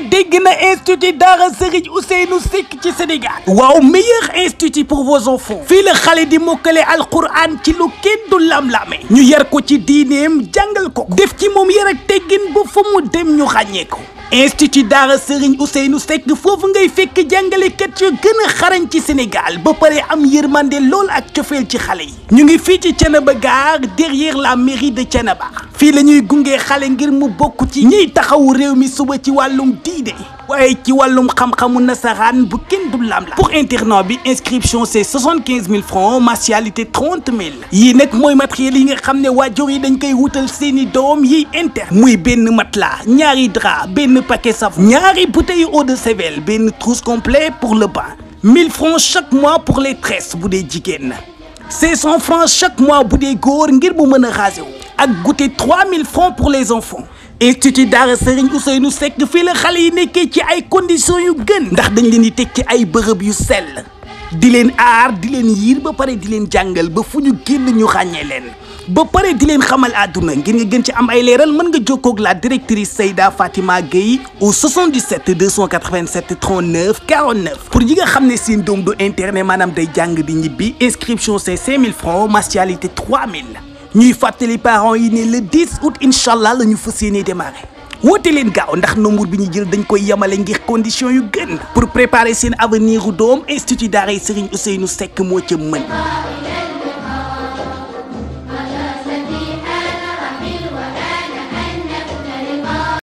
dégg na institut Daara Serigne Ousseynou Seck ci Sénégal waaw meilleur institut pour vos enfants fii la xale di mokkale alquran ci lu kenn du lam-lame ñu yar ko ci diineem jàngal ko def ci moom yar teggin ba fa mu dem ñu xàññee ko institut daara Serigne Ousseynou Seck foofu ngay fekk jàngalekat yu gën a xarañ ci Sénégal ba pare am yërmande lool ak cofeel ci xale yi ñu ngi fii ci Thiénaba gare derrière la mairie de ba fi lañuy gungé xalé ngir mu bokku ci ñiy taxawu réew mi suba ci wàllum diide waaye ci walum xam-xamu nasaraan bu kenn du lam la pour internat bi inscription c'est soixante quinze francs mensualité trente mille yii nag mooy matériel yi nga xamné ne yi dañ koy woutal seeni doom yi inter muy benn matelas ñaari drap benn paquet savon ñaari bouteille eau de sével, benn trousse complet pour le bain 1.000 francs chaque mois pour les tresses bu dee jigéen 500 francs chaque mois bu dee góor ngir bu mën a raser ak goûter 3000 francs pour les enfants institut d'art Serigne Ousseynou Seck fii la xale yi nekkee ci ay conditions yu gën ndax dañ leen di teg ci ay bërëb yu sell di leen aar di leen yiir ba pare di leen jàngal ba fu ñu génn ñu xàññee leen ba pare di leen xamal àdduna ngir nga gën ci am ay nga ak la directrice Seyda Fatima Gueye au 77 287 39 49 pour ñi nga xam ne seen doom du internet maanaam day jàng di ñibbi inscription c'est 5000 francs mensualité 3000 ñuy les parents yi le 10 août inshallah, nous la ñu démarrer leen gaaw ndax nombre jël dañ condition pour préparer seen avenir doom institut nous Serigne Ousseynou Seck